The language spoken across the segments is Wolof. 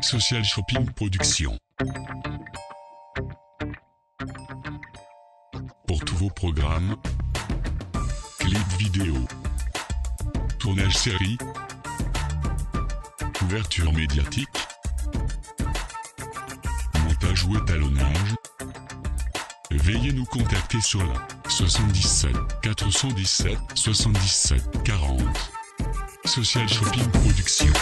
Social Shopping Production. Pour tous vos programmes, clips vidéo, tournage série, couverture médiatique, montage ou étalonnage, veuillez nous contacter sur la 77 417 77 40. Social Shopping Production.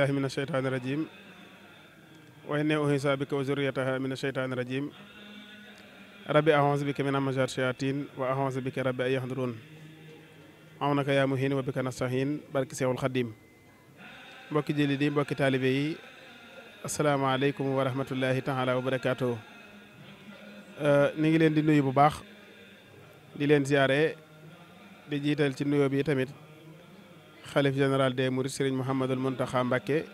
بالله من الشيطان الرجيم وإني أهيسا بك وزريتها من الشيطان الرجيم ربي أهوز بك من مجار شياطين وأهوز بك ربي أيهندرون عونك يا مهين وبك نصحين بارك سيو الخديم بك جلدين بك تالبي السلام عليكم ورحمة الله تعالى وبركاته أه نيجي لين دي نوي بباخ دي لين زياري دي جيتال تي نوي بي تاميت خليفة جنرال دي موري سيرين محمد المنتخى مباكي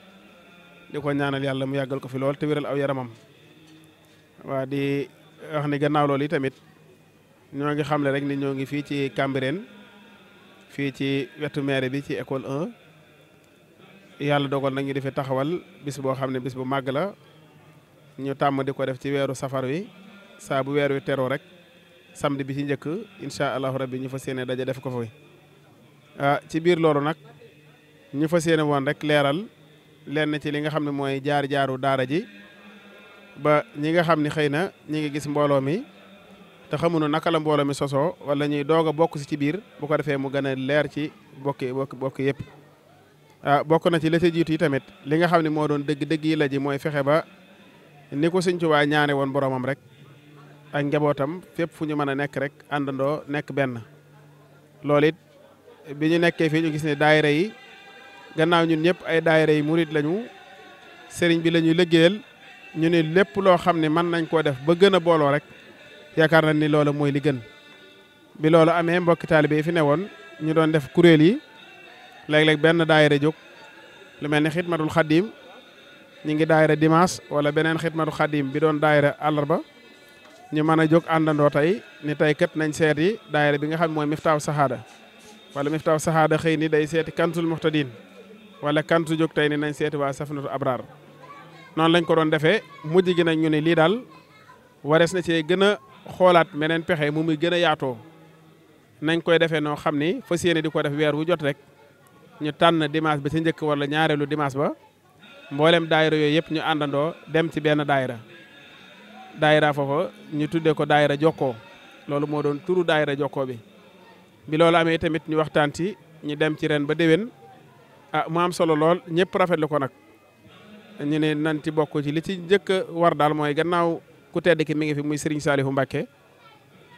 ديكو نانال يالا مو ياغال كو في لول تويرال او يرامم وادي واخني غناو لولي تاميت نيوغي خاملي رك ني في تي كامبرين في تي ويتو ميري بي تي ايكول 1 يالا دوغال نغي ديفي تاخوال بيس بو خامني بيس بو ماغلا ني تام ديكو ديف تي ويرو سفر وي ويرو تيرو رك samedi bi ci ñëkk insha allah rabbi ñu fa seené Ah, ci biir loolu nag ñu fa yéene woon rek leeral lenn ci li nga xam ne mooy jaar-jaaru daara ji ba ñi nga xam ni xëy na ñi ngi gis mbooloo mi te xamuñu naka la mbooloo mi sosoo wala ñuy doog a bokk si ci biir bu ko defee mu gën leer ci bokki bokki bokk yëpp. Ah, bokk na ci la jiitu yi tamit li nga xam ne moo doon dégg dëgg yi la ji mooy fexe ba ni ko Sëñ waa ñaane woon boromam rek ak njabootam fépp fu ñu mën a nekk rek àndandoo nekk benn loolu biñu nekké fi ñu gis né daayira yi gannaaw ñun ñëpp ay daayira yi murit lañu sëriñ bi lañu ñuy liggéeyal ñu né lépp loo xam ne mën nañ ko def ba gën a booloo rek yaakaar na ni loola mooy li gën bi loolu amee mbokki taalibe yi fi newoon ñu doon def kuréel yi léeg-léeg benn daayira jóg lu mel ni xidmatul xadim ñu ngi daayira dimas wala beneen xidmatul xadim bi doon daayira àllarba ñu mën a jóg àndandoo tey ni tey kat nañ seet yi daayira bi nga xam mooy miftaaw sahaada wala miftaaw saxaada xëy ni day seeti kantul muxtadin wala kantu jóg tey ni nañ seeti waa na safinatu abraar noonu lañ ko doon defee mujj gi nañ ñu ne lii daal warees na cee gën a xoolaat meneen pexe mu muy gën a yaatoo nañ koy defee noo xam ni fas yéene di ko def weer wu jot rek ñu tànn dimanche ba ci njëkk wala ñaareelu dimanche ba mboolem daayira yooyu yëpp ñu àndandoo dem ci benn daayira daayira foofa ñu tuddee ko daay daayira jokkoo loolu moo doon turu daayira jokkoo bi bi loolu amee tamit ñu waxtaan ci ñu dem ci ren ba déwén a ah, mu am solo lool ñëpp rafetlu ko nag ñu ne nan ci bokk ci li ci njëkk war daal mooy gannaaw ku tedd ki mi ngi fi muy Serigne Saliou Mbacké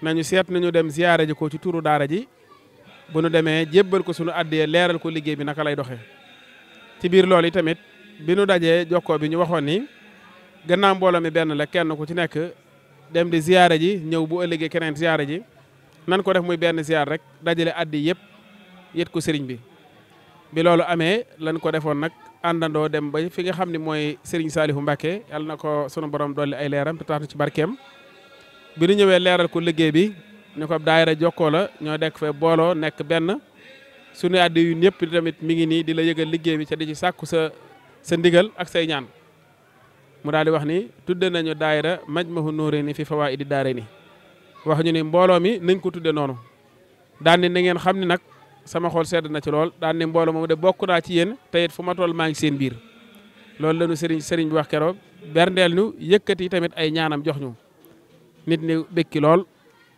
nañu seet ñu dem ziyaare ji ko ci turu daara ji bu nu demee jébbal ko sunu addiyee leeral ko liggéey bi naka lay doxee ci biir lool yi tamit bi nu dajee jokkoo bi ñu waxoon ni gannaaw mbooloo mi benn la kenn ku ci nekk dem di ziyaare ji ñëw bu ëllëgee keneen ziyaare ji nan ko def muy benn ziar rek dajale addi yëpp yët ko sëriñ bi bi loolu amee lan ko defoon nag àndandoo dem ba fi nga xam ni mooy sëriñ Saalihu Mbàkke yàlla na ko sunu borom dolli ay leeram te tax nu ci barkeem bi nu ñëwee leeral ko liggéey bi ñu ko daayira jokkoo la ñoo dekk fe booloo nekk benn sunu addi yu ñëpp di tamit mi ngi nii di la yëgal liggéey bi ca di ci sàkku sa sa ndigal ak say ñaan mu daa di wax ni tudde nañu daayira Majmahun Nurayni fi fawaa'idi daarayni wax ñu ni mbooloo mi nañ ko tudde noonu daan ni na ngeen xam ni nag sama xol sedd na ci lool daan ni mbooloo moom de bokk naa ci yéen te it fu ma toll maa ngi seen biir loolu lañu sëriñ sëriñ bi wax keroog berndeel ñu yëkkati tamit ay ñaanam jox ñu nit ni békki lool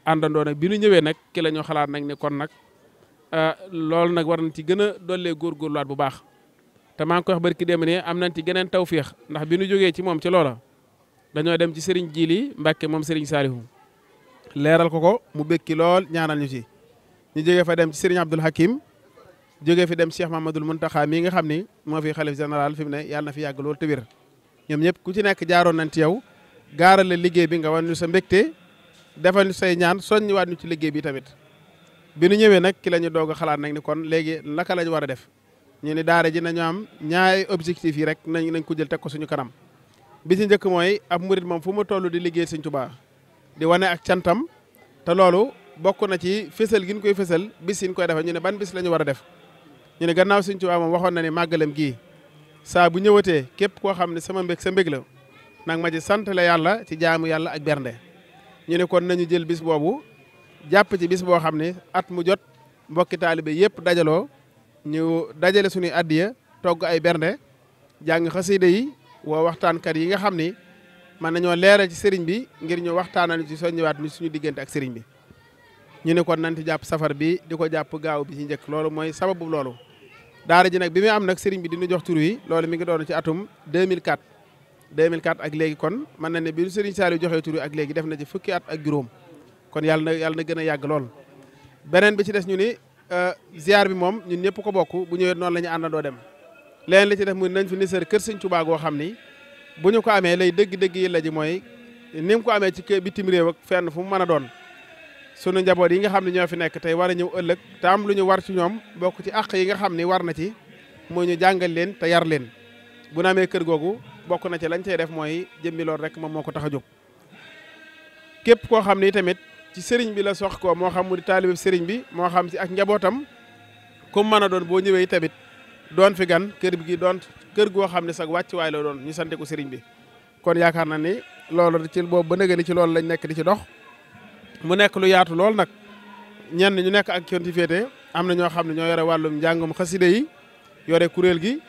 àndandoo nag bi nu ñëwee nag ki la ñu xalaat nag ni kon nag ah, loolu nag war nañ ci gën a dollee góorgóorluwaat bu baax te maa ngi koy wax barki dem ne am nañ ci geneen tawféex ndax bi nu jógee ci moom ci loola dañoo dem ci sëriñ Jili Mbàkke moom sëriñ Saalihu leeral ko ko mu békki lool ñaanal ñu ci ñu jógee fa dem ci Serigne Abdoul Hakim jógee fi dem Cheikh Mamadou Mountakha mii nga xam ni moo fi xalif général fi mu ne yàlla na fi yàgg lool te wér ñoom ñëpp ku ci nekk jaaroon nañ ci yow gaaral liggéey bi nga wan ñu sa mbégte defal ñu say ñaan soññiwaat ñu ci liggéey bi tamit bi nu ñëwee nag ki la ñu doog a xalaat nag ni kon léegi naka la war a def ñu ni daara ji nañu am ñaari objectif yi rek nañ nañ ko jël teg ko suñu kanam bi ci njëkk mooy ab murit moom fu mu toll di liggéey Sëñ Tuubaa di wane ak cantam te loolu bokku na ci fessel giñ koy fessel bis yi koy def ñu ne ban bis la wara war def ñu ne gannaaw Sëñ tuba mom waxon na ni magalem gi sa bu ñëwatee kep ko xamni sama mbek sa mbek la nak ma ci sante la yalla ci jaamu yalla ak bernde ñu ne kon nañu jël bis bobu japp ci bis bo xamni at mu jot mbokki taalibe yépp dajalo ñu dajale suñu addiya togg ay bernde jang xasside yi woo kat yi nga xamni man nañoo leeral ci sëriñ bi ngir ñu waxtaanal ci soññiwaat ñu suñu diggante ak sëriñ bi ñu ne kon nañ ci jàpp safar bi di ko jàpp gaaw bi ci njëkk loolu mooy sababu loolu daara ji nag bi muy am nag sëriñ bi dina jox tur wi loolu mi ngi doon ci atum 2004 2004 ak léegi kon mën na ne bi sëriñ Saliou joxee tur ak léegi def na ci fukki at ak juróom kon yàlla na yàlla na gën a yàgg lool beneen bi ci des ñu ni euh, ziar bi moom ñun ñëpp ko bokk bu ñëwee noonu la ñu àndandoo dem leneen li ci def muy nañ fi ni sër kër sëñ xam ni bu ñu ko amee lay dégg dégg yi ji mooy ni ko amee ci bitim réew ak fenn fu mu mën a doon sunu njaboot yi nga xam ne ñoo fi nekk tey war a ñëw ëllëg te am lu ñu war ci ñoom bokk ci àq yi nga xam ni war na ci moo ñu jàngal leen te yar leen bu na amee kër googu bokk na ci lañ cey def mooy jëmmi lool rek moom moo ko tax a jóg képp koo xam ni tamit ci sëriñ bi la sox ko moo xam mu di taalibe sëriñ bi moo xam ci ak njabootam kom mën a doon boo ñëwee tamit doon fi gan kër gi doon kër goo xam ne sax wàccuwaay la doon ñu sante ko sëriñ bi kon yaakaar na ni loolu ci boobu ba nëgëni ci loolu lañ nekk di ci dox mu nekk lu yaatu lool nag ñenn ñu nekk ak yoon ci am na ñoo xam ne ñoo yore wàllum njàngum xaside yi yore kuréel gi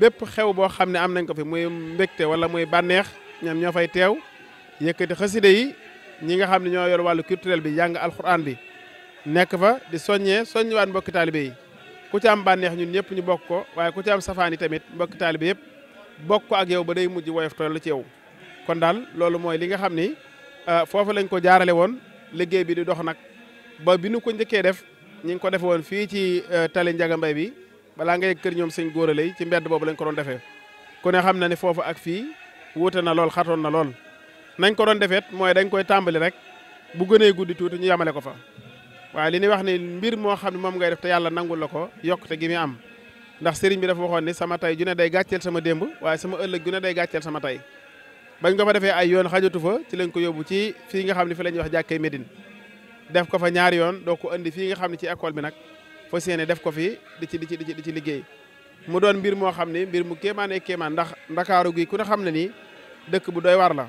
bépp xew boo xam ne am nañ ko fi muy mbégte wala muy bànneex ñoom ñoo fay teew yëkkati xaside yi ñi nga xam ne ñoo yore wàllu culturel bi yàng jàng alxuraan bi nekk fa di soññee soññiwaat mbokki ku ci am bànneex ñun ñëpp ñu bokk ko waaye ku ci am safaan yi tamit mbokk taalibe yëpp bokk ko ak yow ba day mujj woyof toll ci yow kon daal loolu mooy li nga xam ni euh, foofu lañ ko jaarale woon liggéey bi di dox nag ba bi nu ko njëkkee def ñi ko defe woon fii ci euh, tali Njaga Mbay bi balaa ngay kër ñoom sëñ góorale ci mbedd boobu lañ ko doon defee kon ne xam na ne foofu ak fii wuute na lool xatoon na lool nañ ko doon defeet mooy dañ koy tàmbali rek bu gënee guddi tuuti ñu yamale ko fa waaye li ñuy wax ni mbir moo xam ne moom ngay def te yàlla nangul la ko yokkute gi muy am ndax sëriñ bi dafa waxoon ni sama tay ju day gàcceel sama démb waaye sama ëllëg ju ne day gàcceel sama tay bañ ko fa defee ay yoon xajatu fa ci lañ ko yóbbu ci fii nga xam ne fi la ñuy wax jàkkee Médine def ko fa ñaari yoon doo ko indi fii nga xam ne ci école bi nag fa séene def ko fi di ci di ci di ci liggéey mu doon mbir moo xam ne mbir mu kéemaane kéemaan ndax ndakaaru gi ku ne xam ne nii dëkk bu doy war la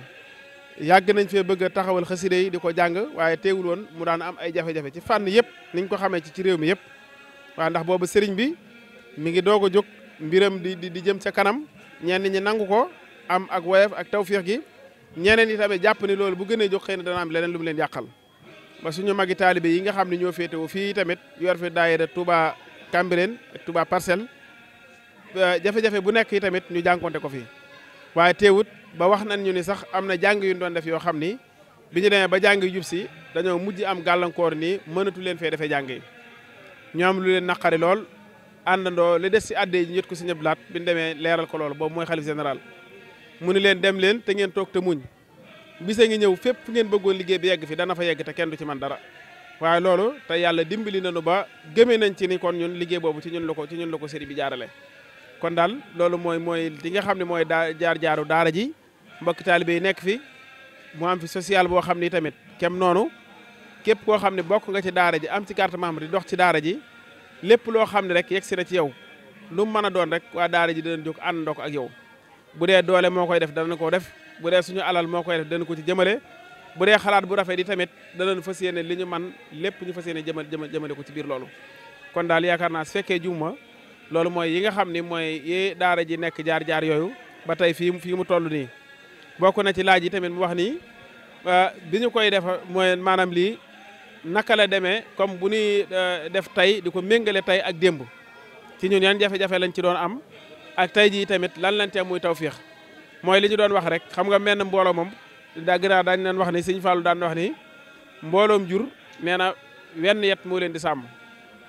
yàgg nañ fee bëgg a taxawal xaside yi di ko jàng waaye teewul woon mu daan am ay jafe-jafe ci fànn yëpp niñ ko xamee ci ci réew mi yëpp waa ndax boobu sëriñ bi mi ngi doog a jóg mbiram di di jëm ca kanam ñenn ñi nangu ko am ak woyef ak tawféex gi ñeneen yi tamit jàpp ni loolu bu gënee jóg xëy na dana am leneen lu mu leen yàqal ba suñu magi taalibe yi nga xam ne ñoo féetewoo fii tamit yor fi daayira Touba Cambérène ak Touba Parcelles jafe-jafe bu nekk yi tamit ñu jànkonte ko fii waaye teewut ba wax nañ ñu ni sax am na jàng yu ñu doon def yoo xam ni bi ñu demee ba jàng jub si dañoo mujj am gàllankoor ni mënatu leen fee defee jàng yi ñu lu leen naqari lool àndandoo li des si àddee yi ñët ko si ñëpp laat bi ñu demee leeral ko lool boobu mooy xalif général mu ni leen dem leen te ngeen toog te muñ bisa ngi ñëw fépp fu ngeen bëggoon liggéey bi yegg fi dana fa yegg te kenn du ci man dara waaye loolu te yàlla dimbali nañu ba gëmee nañ ci ni kon ñun liggéey boobu ci ñun la ko ci ñun la ko sëriñ bi jaarale kon daal loolu mooy mooy li nga xam ne mooy daa jaar jaaru daara ji mbokki taalibe yi nekk fi mu am fi social boo xam ni tamit kem noonu képp koo xam ne bokk nga ci daara ji am ci carte membre di dox ci daara ji lépp loo xam ne rek yegg si na ci yow lu mu mën a doon rek waa daara ji dinañ jóg àndandoo ko ak yow bu dee doole moo koy def danañ ko def bu dee suñu alal moo koy def danañ ko ci jëmale bu dee xalaat bu rafet yi tamit danañ fas yéene li ñu man lépp ñu fas yéene jëmal jëmale ko ci biir loolu kon daal yaakaar loolu mooy yi nga xam ni mooy yi daara ji nekk jaar-jaar yooyu ba tey fii fii mu toll nii bokk na ci laaj yi tamit mu wax nii euh, bi ñu koy def mooy maanaam lii naka la demee comme bu ñuy euh, def tey di ko méngale tey ak démb ci ñun yan jafe-jafe lañ ci doon am ak tey jii tamit lan lañ tee muy tawféex mooy li ñu doon wax rek xam nga menn mbooloo moom daa gën a wax ni Sëñ Fallou daan wax ni mbooloom jur nee na wenn yet moo leen di sàmm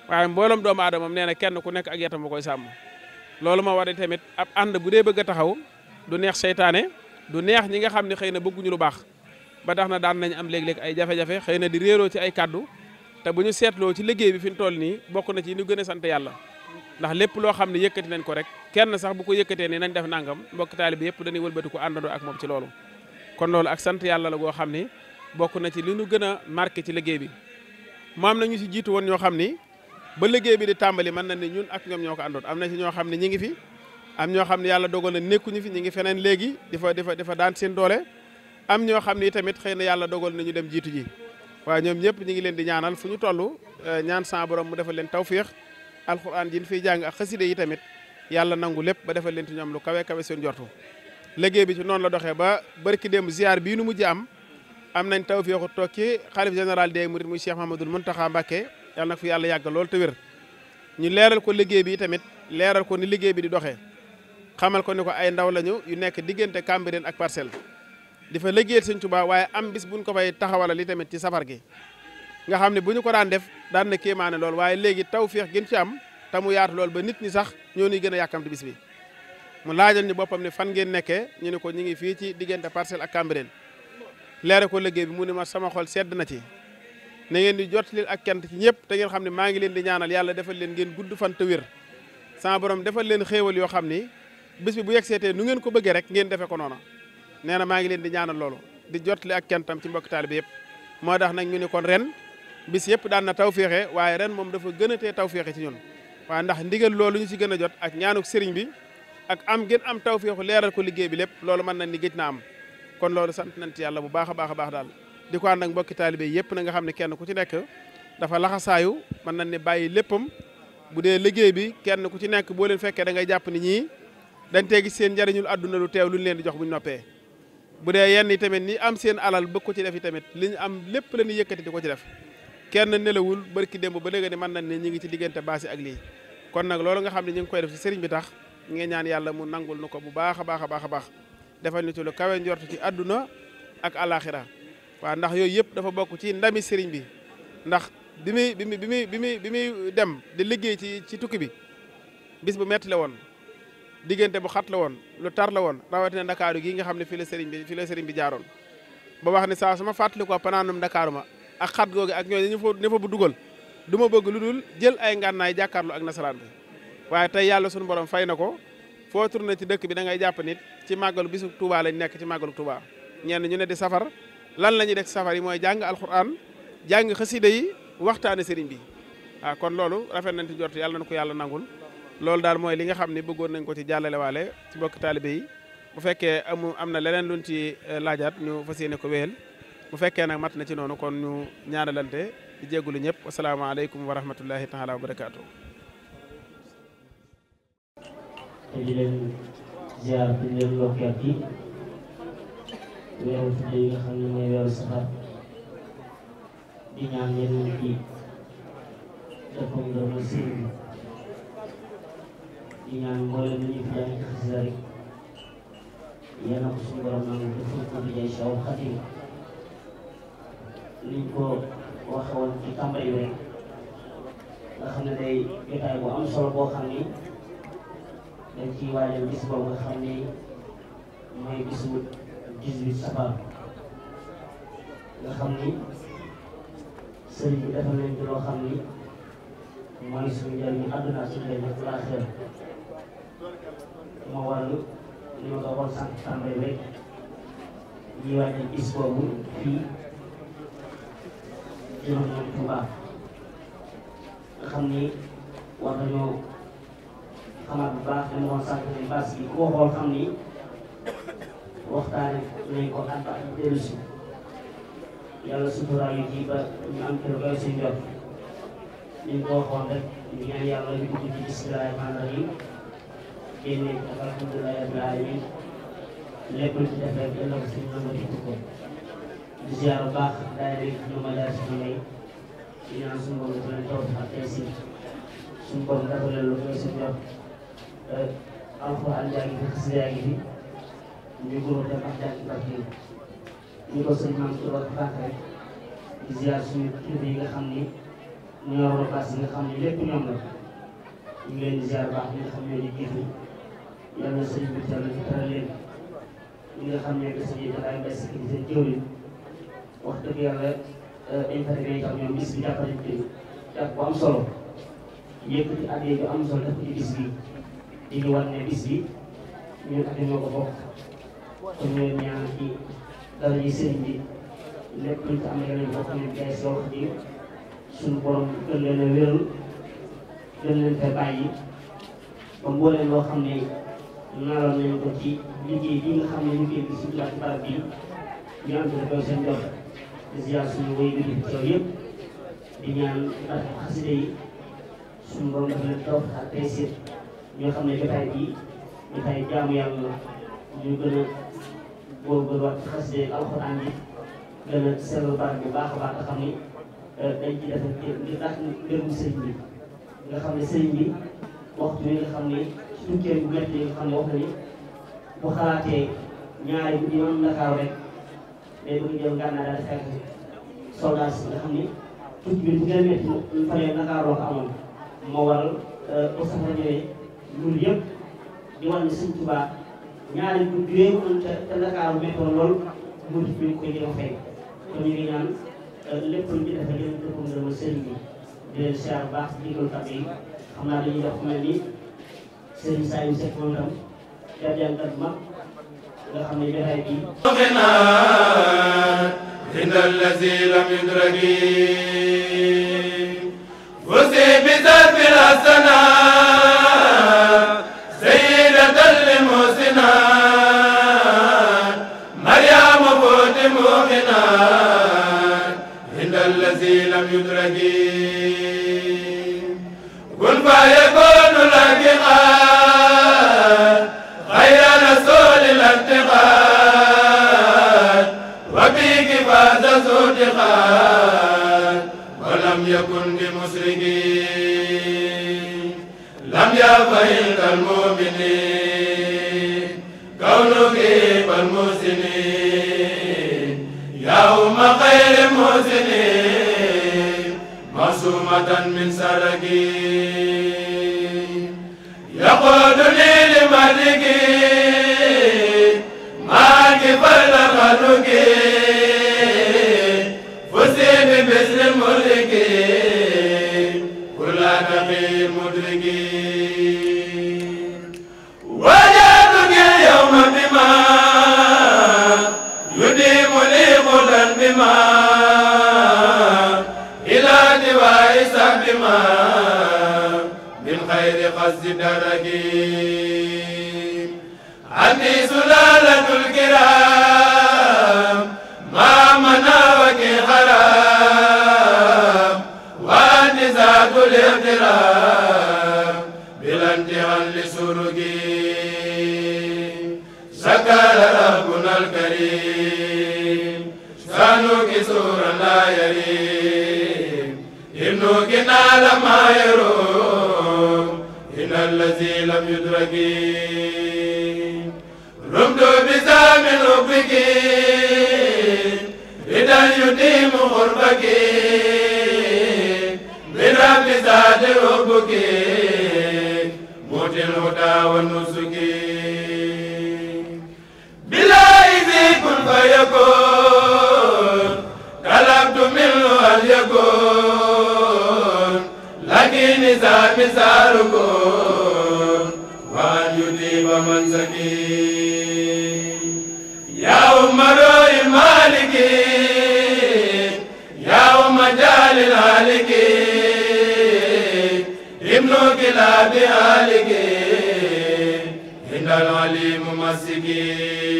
waaye mbooloom doomu aadamam nee na kenn ku nekk ak yatam ba koy sàmm loolu moo war tamit ab ànd bu dee bëgg a taxaw du neex seytaane du neex ñi nga xam ne xëy na bëgguñu lu baax ba tax na daan nañ am léeg-léeg ay jafe-jafe xëy na di réeroo ci ay kàddu te bu ñu seetloo ci liggéey bi fi ñu toll nii bokk na ci ñu gën a sant yàlla ndax lépp loo xam ne yëkkati nañ ko rek kenn sax bu ko yëkkatee ni nañ def nangam mbokk taali bi yëpp dañuy wëlbati ko àndandoo moom ci loolu kon loolu ak sant yàlla la goo xam ni bokk na ci li ñu gën a marqué ci liggéey bi maam na si jiitu woon ñoo xam ni ba liggéey bi di tàmbali mën na ne ñun ak ñoom ñoo ko àndoon am na ci ñoo xam ne ñi ngi fi am xam ne yàlla dogal na nekkuñu fi ñi ngi feneen léegi di fa di fa di seen doole am ñoo xam ne tamit xëy na yàlla dogal na dem jiitu ji waaye ñoom ñëpp ñi ngi leen di ñaanal fu ñu toll euh, ñaan sa borom mu defal leen tawféex alxuraan jin fiy jàng ak xaside yi tamit yàlla nangu lépp ba defal leen ci ñoom lu kawe kawe seen jortu liggéey bi ci noonu la doxee ba barki démb ziar bii nu mujj am am nañ tawféexu toog ci xalif général des mourides muy Cheikh Mahamadul Muntaxa Mbàkke yàlla na fi yàlla yàgg lool te wér ñu leeral ko liggéey bi tamit leeral ko ni liggéey bi di doxee xamal ko ni ko ay ndaw lañu yu nekk diggante Cambérène ak Parcelles di fa liggéeyal Sëñ Tuubaa waaye am bis buñ ko fay taxawalal li tamit ci safar gi nga xam ne bu ñu ko daan def daan na kéemaane lool waaye léegi taw tawféex gën ci am te mu yaatu lool ba nit ñi sax ñoo ñuy gën a yàkkamti bis bi mu laajal ñu boppam ne fan ngeen nekkee ñu ne ko ñu ngi fii ci diggante Parcelles ak Cambérène leeral ko liggéey bi mu ne ma sama xol sedd na ci na ngeen di jot leen ak kent ci ñëpp te ngeen xam ne maa ngi leen di ñaanal yàlla defal leen ngeen gudd fan te sama borom defal leen xéewal yoo xam ni bis bi bu yegseetee nu ngeen ko bëggee rek ngeen defee ko noona nee na maa ngi leen di ñaanal loolu di jotli ak cantam ci mbokk taalibe yëpp moo tax nag ne kon ren bis yëpp daan na taw féexe waaye ren moom dafa gën a tee taw féexe ci ñun waaye ndax ndigal loolu ñu ci gën a jot ak ñaanuk sëriñ bi ak am gën am taw féexu leeral ko liggéey bi lépp loolu mën na ni géej na am kon loolu sant yàlla bu baax a baax a baax daal di ko ànd ak mbokki taalibe yëpp na nga xam ne kenn ku ci nekk dafa laxasaayu mën nañ ne bàyyi léppam bu dee liggéey bi kenn ku ci nekk boo leen fekkee da ngay jàpp ni ñii dañ tee gis seen njariñul àdduna lu teew luñ leen di jox bu noppee bu dee yenn yi tamit ni am seen alal bëgg ko ci def yi tamit li ñu am lépp la ñuy yëkkati di ko ci def kenn nelawul barki démb ba léegi ne mën nañ ne ñu ngi ci diggante baasi ak lii kon nag loolu nga xam ne ñu ngi koy def ci sëriñ bi tax ngeen ñaan yàlla mu nangul nu ko bu baax a baax a a baax defal ñu ci lu kawe njort ci àdduna ak alaxira waaw ndax yooyu yëpp dafa bokk ci ndami sëriñ bi ndax bi muy bi muy bi muy bi muy dem di liggéey ci ci tukki bi bis bu metti la woon diggante bu xat la woon lu tar la woon rawatina ndakaaru gii nga xam ne fii la sëriñ bi fii la sëriñ bi jaaroon ba wax ne saa su ma fàttali ko panaanum ndakaaru ma ak xat googu ak ñooñu dañu fa ne fa bu dugal du ma bëgg lu dul jël ay ngànnaay jàkkaarlu ak nasaraan bi waaye tey yàlla suñu borom fay na ko foo tourné ci dëkk bi da ngay jàpp nit ci màggalu bisu Touba lañ nekk ci màggalu Touba ñenn ñu ne di safar lan lañu def safari moy jàng alquran jàng xasida yi waxtane serigne bi ah kon lolu rafet nañ ci jot yàlla nako yàlla nangul lolu dal moy li nga xamni beggon nañ ko ci jàllale walé ci bokk talibé yi bu fekkee amu am na leneen luñ ci laajaat ñu fassiyene ko wéel bu fekkee nak mat na ci nonu kon ñu ñaanalante di jéggulu ñëpp alaykum wa rahmatullahi taala wa barakatuh te di leen ziar di leen lokkaat weeru tudde yi nga xam ne mooy weeru safar di ñaan yéen ñu ci dëppam ngërëmal sëriñ bi di ñaan mboolem li ñu fi jàng ci xasida rek yal na ko suñu borom nangu defal ko bi jaay Seexul Xadiim liñ ko waxe woon ci tàmbali rek nga xam ne day jotaay bu am solo boo xam ni dañ ciy waajal bis boobu nga xam ni mooy bisu dix-huit safar nga xam ni sëriñ bi defal nañ ci loo xam ni mooy suñu njëriñu àdduna ak suñu njëriñu laaxira moo waral li ma ko waxoon sànq tàmbali rek ñuy waajal bis boobu fii jëloon nañ Tuuba nga xam ni war nañoo xamaat bu baax li ma waxoon sànq ne waxtaane nañ ko ànd ak dellu si yàlla suturaal yi ji ba ñu am kër ba si njot ñu ko waxoon rek ñu ñaan yàlla ñu dugg ci bismillahi rahmaani rahim génne ak alhamdulilahi rabbil alamin lépp lu ci def rek yàlla ko suñu nangu di ko di ziar bu baax daay rek ñu ma daal suñu may di ñaan suñu borom dafa leen toog ak tey si suñu borom dafa leen lu koy si njot alxuraan jaa ngi fi xasida yaa ngi fi ñu góor da baax daal di baax ñu ko sëñ maam ci wax baax rek di ziar suñu kilifa yi nga xam ni ñoo war a baax yi nga xam ni lépp ñoom la ñu ngi leen di ziar baax ñi nga xam ñoo di jiitu yàlla sëñ bi tànn fi tëral leen ñi nga xam ne que sëñ yi dafay mbay si kii seen jëwriñ wax dëgg yàlla euh, intervenir itam ñoom bis bi jàppale ñu tey daf bu am solo yëkkati at yii bu am solo daf ci bis bi di ñu wan ne bis bi ñun ak ñoo ko bokk. ci ñuy ñaan ci dara ji sëriñ bi lépp luñ ci am yeneen boo xam ne day soox ji suñu gën a ne naroon nañ ko nga xam ñu koy ñu am ci koy seen bi di di ñaan barke xasida yi suñu borom daf leen toog ak tey ñoo xam ne jotaay bi jotaay jaamu yàlla ñu gën góorgóorluwaat ci xasida yi alxuraan yi gën a seetlu barab bi baax a baax nga xam ni euh, dañ ci defal ngir ndax ngërëm sëriñ bi nga xam ne sëriñ bi waxtu bi nga xam ne ci tukkee bu métti yi nga xam ni bu xalaatee bu ñu mën a rek day bëgg jël gànnaar di fekk soldat si nga ni tukki bi bu gën a métti ñu fa ne Ndakaaroo ko amoon euh, di wane ne Sëriñ Tuubaa ñaari guddi yooyu kon te te Ndakaaru méttoon lool murid bi ko jëm fay kon ñu ngi ñaan euh, lépp lu ñu def ak yéen dëppam dama sëriñ bi di leen siyaar baax di ko tab yi xam naa dañuy def mel ni sëriñ saa yu sekk moom itam jàjjankat ma nga xam ne jotaay bi عند الذي لم يدرك كونك بالمسلمين يوم خير مسلمين سرقة من سرقي يقودني لمرقي ما كفل خلقي فسي بمثل مرقي كل نقي مدرقي المسجد الرجيم عني سلالة الكرام ما مناوك حرام واني ذات الاحترام بلا انتهاء لسرقي شكر ربنا الكريم شانك سورا لا يريم ابنك نال ما يروم الذي لم يدرك رمت بزام حبك ردا يديم غربك من رب زاد حبك موت الهدى والنسك بلا إذ كن فيكون طلبت منه أن يكون لكن إذا مثالكم ومن زكي يا أم روي مالكي يا أم جال الهالكي ابن كلاب هالكي إن العليم مسكي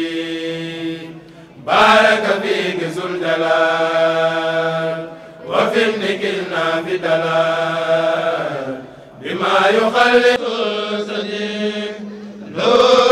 بارك فيك ذو الجلال وفي ابنك النافي دلال بما يخلق سجين Hallelujah.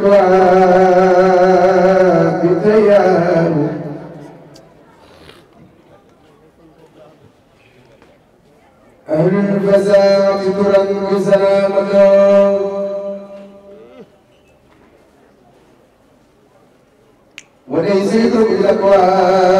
الأكواب ديان أهل الفزاعة ترن سلامة وليس بالأكواب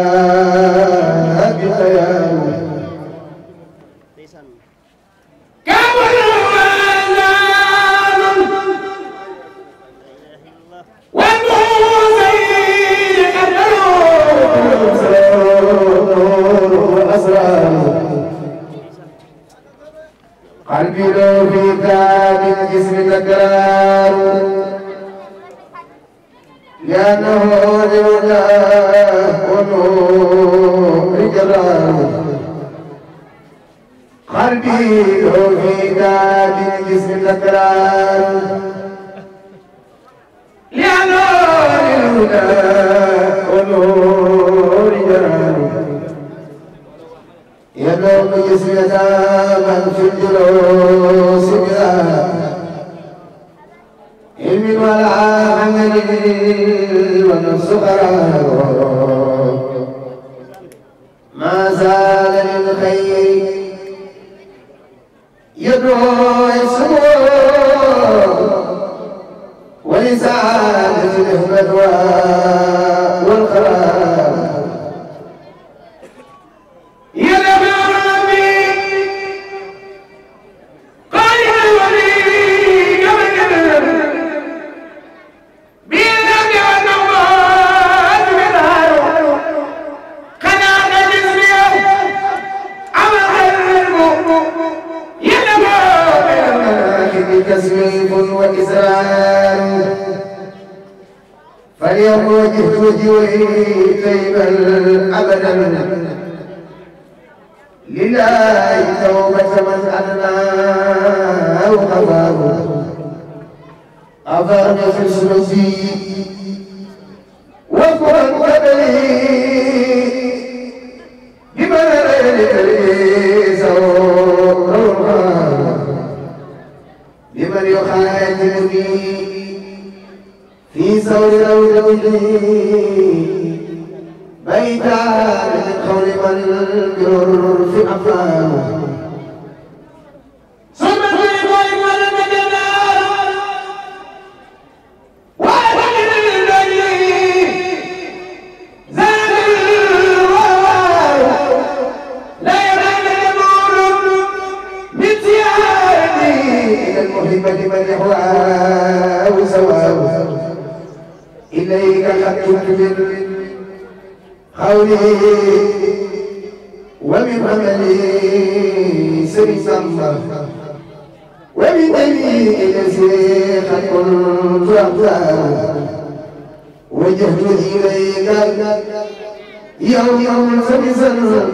zani zani zani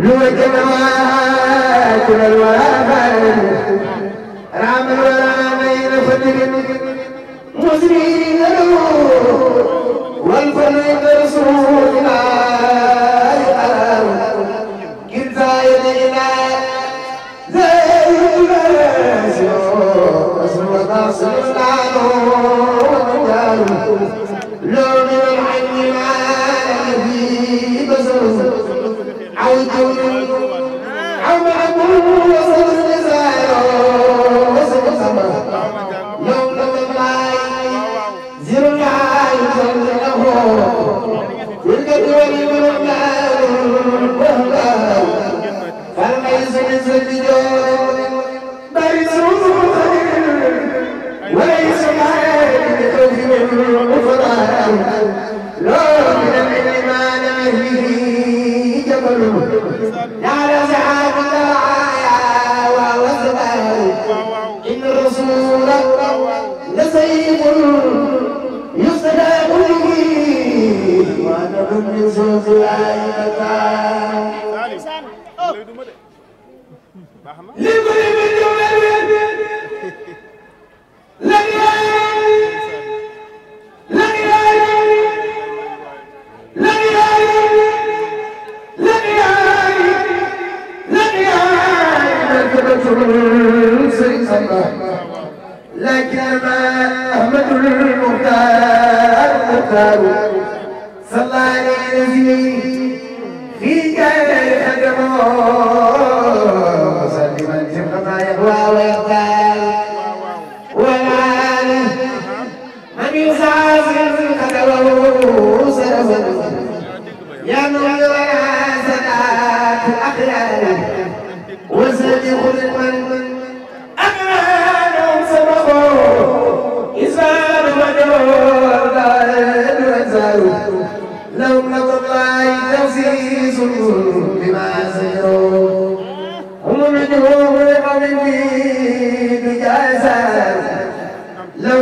ñu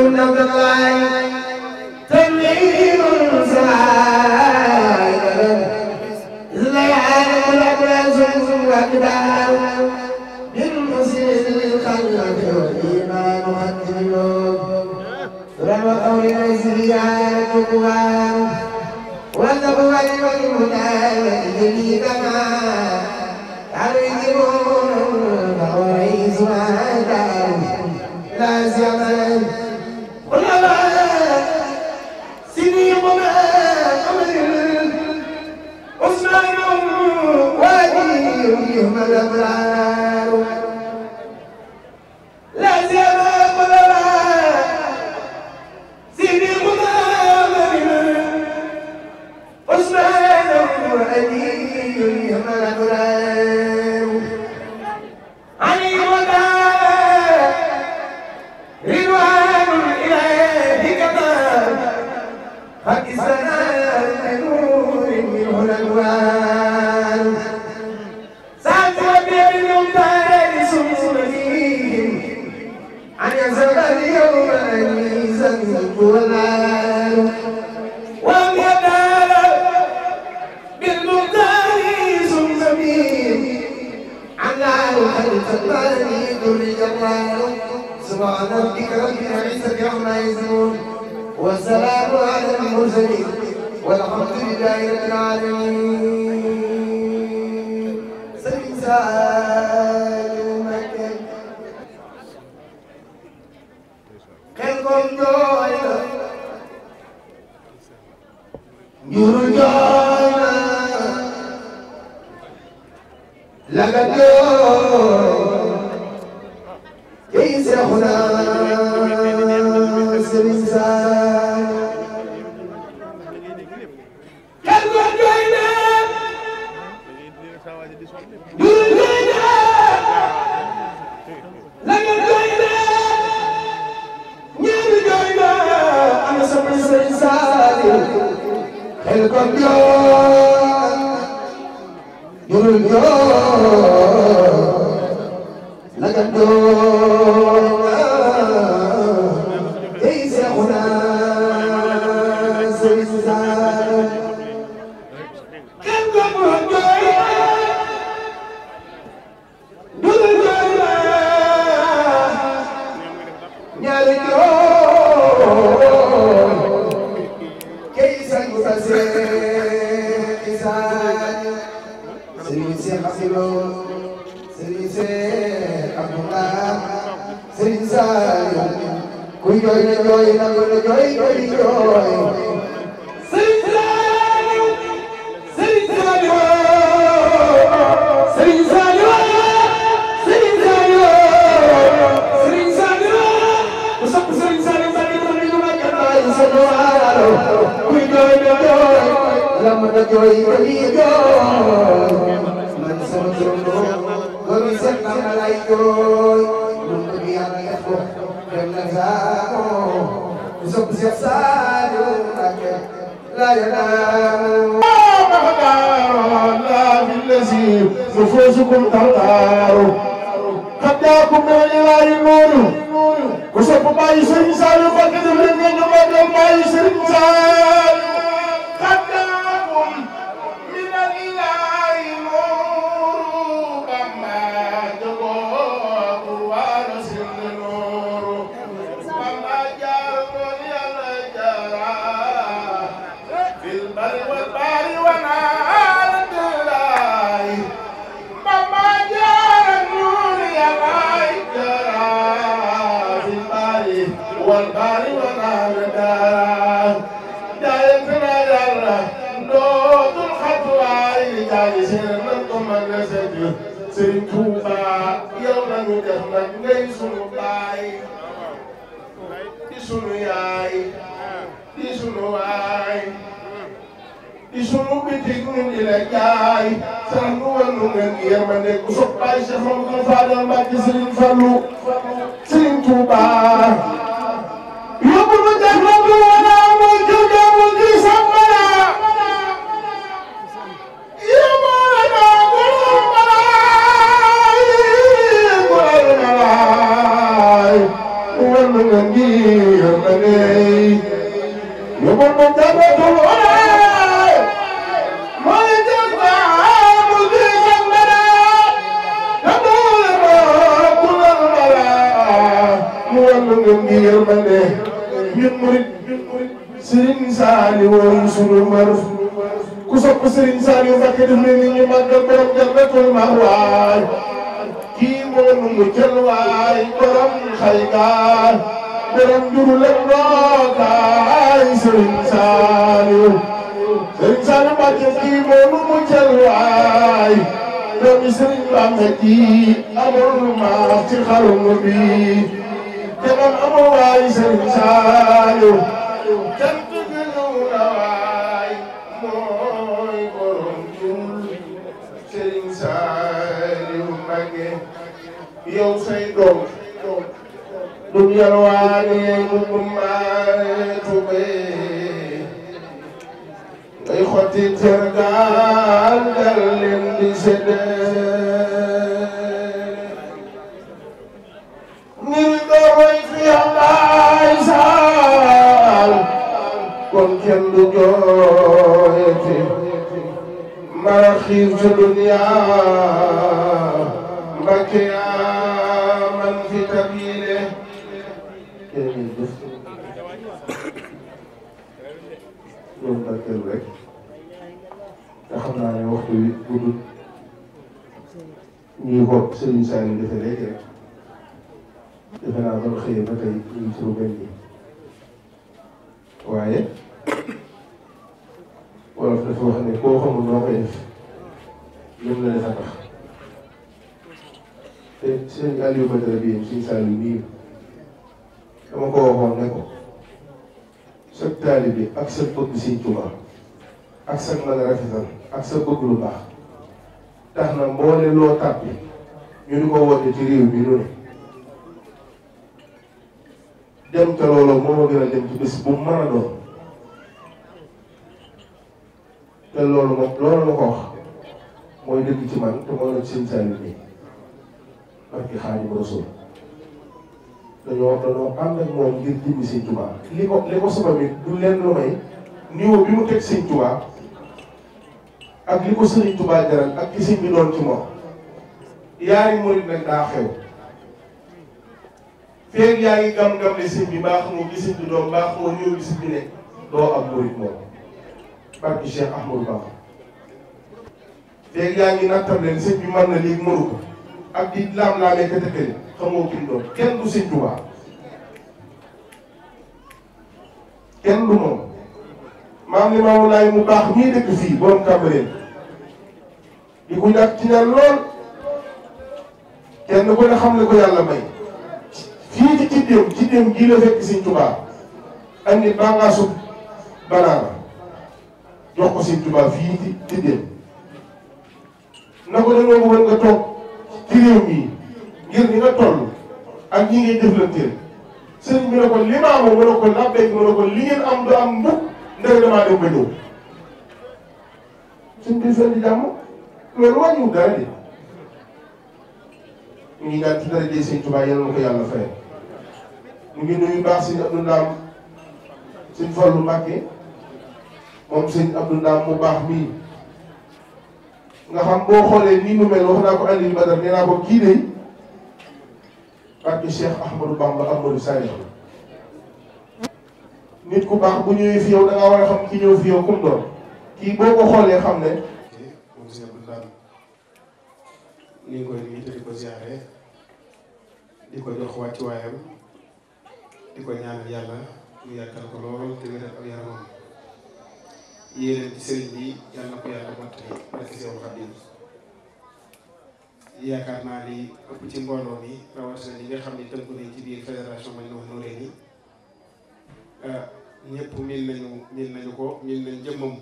بن عبد الله تنعيم زائر لا يعلم الأبرز وأقدار بالمسير للخلق والإيمان والجنوب روى قول الأزياء القوام والنبوة والهدى يجري بما يعرجون فهو عيسى لا زمن يهمل العار سبحان ربك رب العزة عما يصفون والسلام على المرسلين والحمد لله رب العالمين سلسال مكة كلكم دولا يرجعنا لقد Seexuna Sëriñ Saaliw kan ko doy na du doy na la nga doy na ñaari doy na ana sama Sëriñ Saaliw xel ko jox jurul jox la nga doy sa la rafetal ak sa bëgg lu baax tax na mboole loo tàbbi ñu di ko woote ci réew mi lu ne dem ca looloo moo ma gën a dem ci bés bu mu mën a doon te loolu moom loolu ma ko wax mooy dëgg ci man te mooy nag seen saali bi barki Xaadimu Rasuul dañoo dañoo ànd ak moom ngir jëmmi Sëñ Tuubaa li ko li ko du lenn lu may niveau bi mu teg Sëñ Tuubaa ak li ko sëriñ Tuubaa jaral ak ki sëñ bi doon ci moom yaari murit nag daa xew feeg yaa ngi gam-gam ne sëñ bi baax moo gi sëñ bi doon baax moo ñëw gi sëñ bi ne doo moom barki Cheikh Ahmadou Bamba feeg yaa ngi nattam leen sëñ bi mën na lii mënu ko ak di laam kenn du sëñ Tuubaa kenn du moom maam li maamu laay mu baax ñii dëkk fii borom Cambérène di ku ñàkk ci ñaan lool kenn ku ne xam ne ko yàlla may fii ci Tidjéem Tidjéem gii la fekk Sëñ Tuubaa andi bànqaasu banaana jox ko Sëñ Tuubaa fii ci Tidjéem na ko dañoo bëggoon nga toog ci réew ngir ni nga ak ñi ngay jëflanteel sëriñ bi ne ko li maamu mu ne ko labbeeg mu ne ko li ngeen am du am mbukk ndax damaa dem ba ñëw suñ biir seen di jàmm loolu wàññiwul dara de ñu ngi ñaan ci dara jëye sëñ Tuubaa yal na ko yàlla fayal mu ngi nuyu baax sëñ Abdou Ndaam sëñ Fallu Mbàkke moom sëñ Abdou Ndaam mu baax mii nga xam boo xoolee nii mu mel wax naa ko Aliou Badar nee naa ko kii de barke Cheikh Ahmadou Bamba Amadou Saliou nit ku baax bu ñëwee fi yow da ngaa war a xam ki ñëw fi yow kum doon kii boo ko xoolee xam ne. ni koy nii te di ko ziare di ko jox wàccuwaayam di ko ñaanal yàlla mu yàggal ko lool te wéral ak yaramam yéene ci sëriñ bi yàlla ko yàlla mottali barke Seexul Xadiim yaakaar naa ni ëpp ci mbooloo mi rawatina ñi nga xam ne tënku nañ ci biir fédération Majmahun Nurayni ñëpp miin nañu miin nañu ko miin nañ jëmmam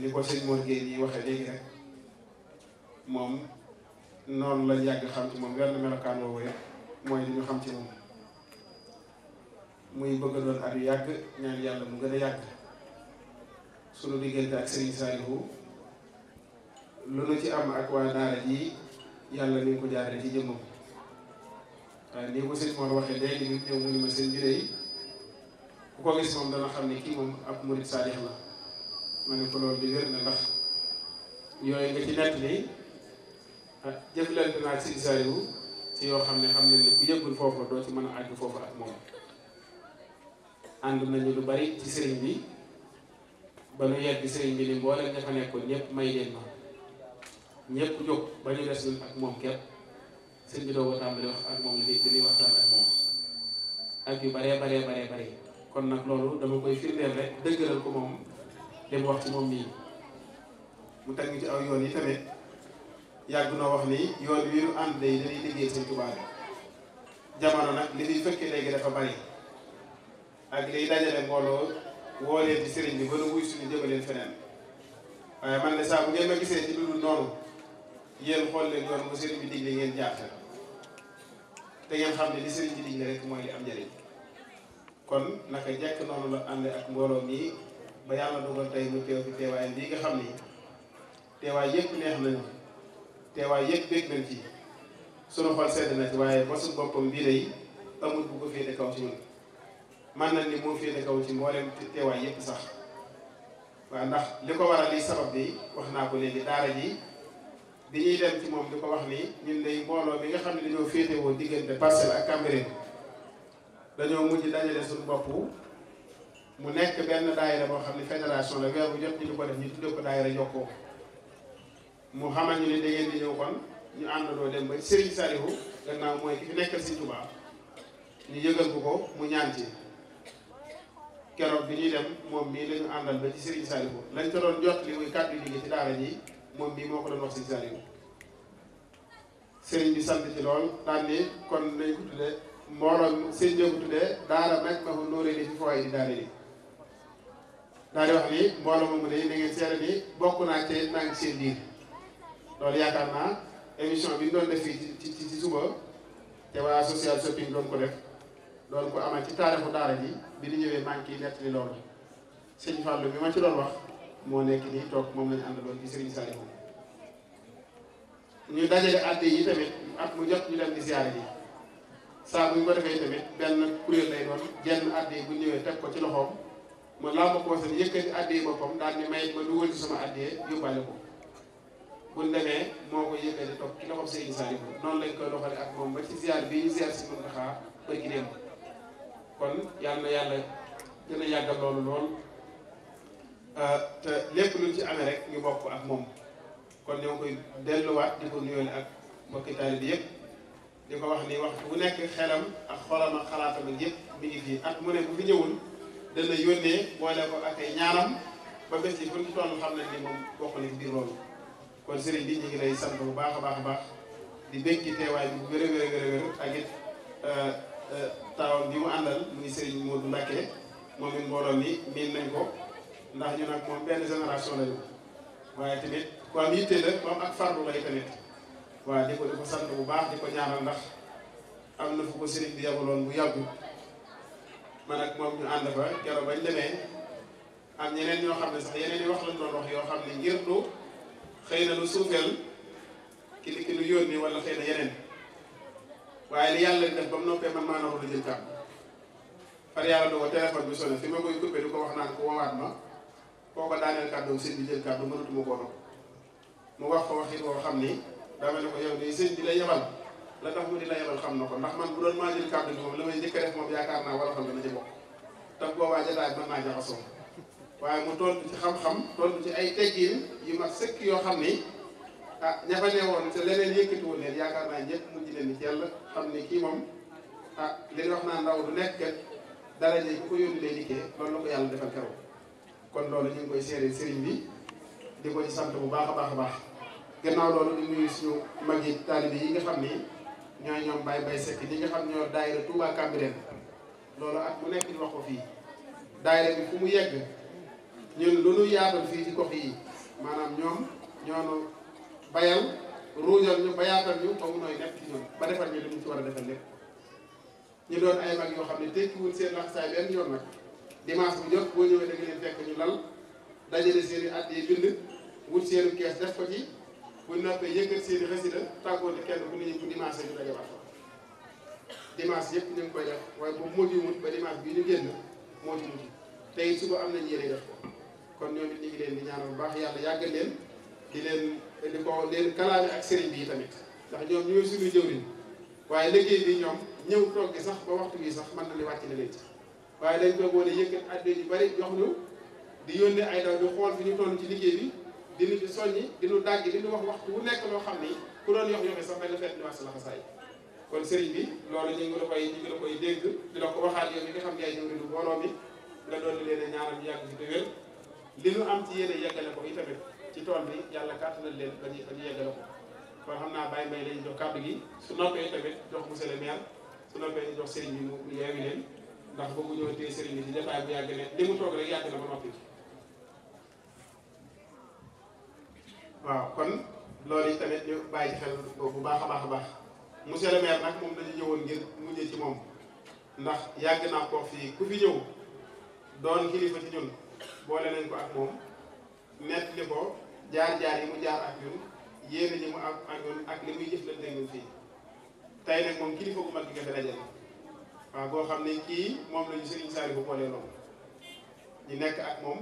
ni ko sëñ Mor Gueye yi waxee léegi rek moom noonu lañ yàgg xam ci moom wenn melokaan woowu rek mooy li ñu xam ci moom muy bëgg doon at yu yàgg ñaan yàlla mu gën a yàgg sunu diggante ak Serigne Saliou lu nu ci am ak waa daara ji yàlla ni nga ko jaaree ci jëmmam waaye nii ko sëñ Mor waxee léegi ni ma seen juree yi ko gis moom dana xam ne kii moom ab murid saalix la ma ne ko loolu di na ndax yooyu nga ci nett ni ah, jëflante naa si saaliwu ci yoo xam ne xam ne ni ku yëgul foofa doo ci mën a àgg foofa ak nañu lu bari ci bi ba nu yegg sëriñ bi ni mboolem ña fa nekkoon ñëpp may leen ma ñëpp jóg ba ñu des ñun ak moom képp sëriñ bi doo ko tàmbali ak moom li li ak moom ak yu baree baree baree kon nag loolu dama koy firndeel rek dëggalal ko moom li wax ci moom mii mu teg ci aw yoon yi tamit yàgg noo wax nii yoon wi ñu ànd day dañuy liggéey seen tubaab jamono nag li fiy fëkkee léegi dafa bari ak liy dajale mbooloo woo leen ci sëriñ bi ba nu wuy suñu jëmaleen feneen waaye man de saa bu ngeen ma gisee ci lu dul noonu yéen xool leen yoon sëriñ bi digle ngeen jaaxle te ngeen xam ne li sëriñ bi digle rek mooy li am njëriñ. kon naka jekk noonu la ànd ak mbooloo mii ba yàlla dugal tey mu teew fi teewaay bii nga xam ni teewaay yëpp neex nañu teewaay yëpp bég nañ ci sunu xol sedd na waaye ba suñu boppam bii day amul bu ko féete kaw ci ñun man nañ ni moo féete kaw ci mbooleem teewaay yëpp sax waaw ndax li ko waral li sabab bi wax naa ko léegi daara ji bi ñuy dem ci moom di ko wax nii ñun day mbooloo bi nga xam ne dañoo féete woon diggante Parcelles ak Cambérène dañoo mujj dajale suñu bopp mu nekk benn daayira boo xam ne fédération la weer bu jot ñu di ko def ñu tuddee ko daayira jokkoo mu xamal ñu ne da ngeen di ñëw kon ñu àndandoo dem ba Serigne Saliou gannaaw mooy ñu yëgal ko ko mu ñaan ci bi ñuy dem moom mii la àndal ba ci Serigne Saliou lañ ko doon jot li muy kàddu jóge ci daara ji moom mii moo ko doon wax Serigne Saliou Serigne bi sant ci lool daan ni kon nañ ko tuddee. mbooloo sëñ bi tuddee daara Majmahun Nurayni fi fawaa'idi daarayni daal di wax ni mbooloo moomu de na ngeen seere ni bokk naa te naa ngi seen biir loolu yaakaar naa émission bi ñu doon def fii ci suba te waa social shopping doon ko def doon ko amal ci taarixu daara ji bi ñu ñëwee maa ngi ciy lool loolu sëñ Fallou bi ma ci doon wax moo nekk nii toog moom lañu àndaloon ci Serigne Saliou ñu dajale àdde yi tamit at mu jot ñu dem di siyaare saa bu ñu ko defee tamit benn kuréel lay doon jenn adde bu ñëwee teg ko ci loxoom mu làmb ko seen yëkkati adde boppam daal ni may ma dugal ci sama adde yóbbaale ko buñ demee moo ko yëkkati toog ci loxoom Serigne Saliou noonu lañ koy doxale ak moom ba ci bi ñu ziar si mën taxaa bëri ki dem kon yàlla a euh, te lépp luñ ci amee rek kon ñoo koy delluwaat di ko nuyoo ak mbokki taalibe bi di ko wax ni waxtu bu nekk xelam ak xolam ak xalaatam ak yëpp mi ngi fii ak mu ne bu fi ñëwul dana yónnee boole ko ak ay ñaanam ba bés yi fu ñu toll xam nañ ni moom bokk nañ biir loolu kon sëriñ bi ñu ngi lay sant bu baax a baax a baax di bëgg ci teewaay bi wér a wér a wér ak it taawam bi mu àndal muy sëriñ Modou Mbacke moom it mbooloo mi miin nañ ko ndax ñu nag moom benn génération lañu waaye tamit ku am yitte la ku am ak farlu lay tamit. waaye di ko di ko sant bu baax di ko ñaanal ndax am na fu ko sëriñ bi yabaloon bu yàggut man ak moom ñu ànd fa keroog bañ demee am ñeneen ñoo xam ne sax yeneen yi wax lañ doon wax yoo xam ne ngir lu xëy na lu suufeel ki li ki lu yónni xëy na yeneen waaye li yàlla def ba mu noppee man maa na ko jël kàddu par du ko téléphone bi sonné fi ma koy coupé di ko wax naan ko woowaat ma koo ko daaneel kàddu sëñ bi jël kàddu mënatuma koo nopp mu wax ko wax dama ne ko yow de sëñ bi la yebal la tax mu di la yebal xam na ko ndax man bu doon maa jël kàddu moom la may njëkk a def moom yaakaar naa wala fan dana ci bokk tam boobaa jotaay mën naa jaxasoo waaye mu tontu ci xam-xam tontu ci ay teggin yu mat sëkk yoo xam ni ah ña fa newoon te leneen yëkkatiwul leen yaakaar naa ñëpp mujj leen ci yàlla xam ne kii moom ah li wax naa ndaw du nekk dara ji ku ko yónni lay dikkee loolu la ko yàlla defal keroog kon loolu ñu ngi koy seeree sëriñ bi di ko sant bu baax a baax gannaaw loolu di nuyu suñu mag yi taalibe yi nga xam ni ñoo ñoom bay bay sekk ñi nga xam ñoo daayira Touba Cambérène loolu at mu nekk ñu wax fii daayira bi fu mu yegg ñun lu nu yaatal fii ci gox yi maanaam ñoom ñoo nu bayal ruujal ñu ba yaatal ñu ba mu nooy nekk ci ñoom ba defar ñu li mu ci war a defal lépp ñu doon ay mag yoo xam ne tekkiwul seen laxsaay benn yoon nag dimanche bu jot boo ñëwee da nga fekk ñu lal dajale seen i at yi bind wut seen kees def ko ci bu noppee yëngal seeni xasida tàggoo di kenn bu ne ñu dimanche ñu dajawaat ko dimanche yëpp ñu ngi koy def waaye boobu moo ci mut ba dimanche bii ñu génn moo ci mut tey suba am nañ yéene def ko kon ñoom it ñu ngi leen di ñaanal bu baax yàlla yàggal leen di leen di ko leen kalaame ak sëriñ bi tamit ndax ñoom ñooy suñu yi waaye liggéey bi ñoom ñëw toog gi sax ba waxtu bi sax mën na li wàcc na leen ci waaye dañ ko boole yëkkat adde yu bari jox ñu di yónnee ay daw xool fi ñu toll ci liggéey bi dinu ci soññi dinu li dinu wax waxtu wu nekk loo xam ni ku doon yox yoxe sax benn fekk ni wax sa laxasaay kon sëriñ bi loolu ñu ngi la koy ñu ngi la koy dégg di la ko waxaat yow mi nga xam ne yaay jëwriñu booloo mi nga doon leen a ñu yàgg ci te wér li ñu am ci yéene yeggale ko itamit ci tool bi yàlla kàttanal leen ba ñu ba ñu yeggale ko kon xam naa bàyyi may lañ jox gi su noppee tamit jox monsieur le maire su noppee ñu jox sëriñ bi mu yeewi leen ndax bëggu ñëw téye sëriñ bi ci jotaay bu yàgg ne li mu toog rek yàgg na ba noppi waaw kon loolu yi tamit ñu bàyyi ci xel bu baax a baax a baax monsieur le maire moom dañu ñëwoon ngir mujjee ci moom ndax yàgg naa ko fii ku fi ñëw doon kilifa ci ñun boole nañ ko ak moom nett li ko jaar-jaar yi mu jaar ak ñun mu am ak ñun ak li muy fii tey nag moom kilifa gu mag bi nga fi dajal boo xam ne kii moom lañu sëriñ Saliou bu boolee loolu ñu nekk ak moom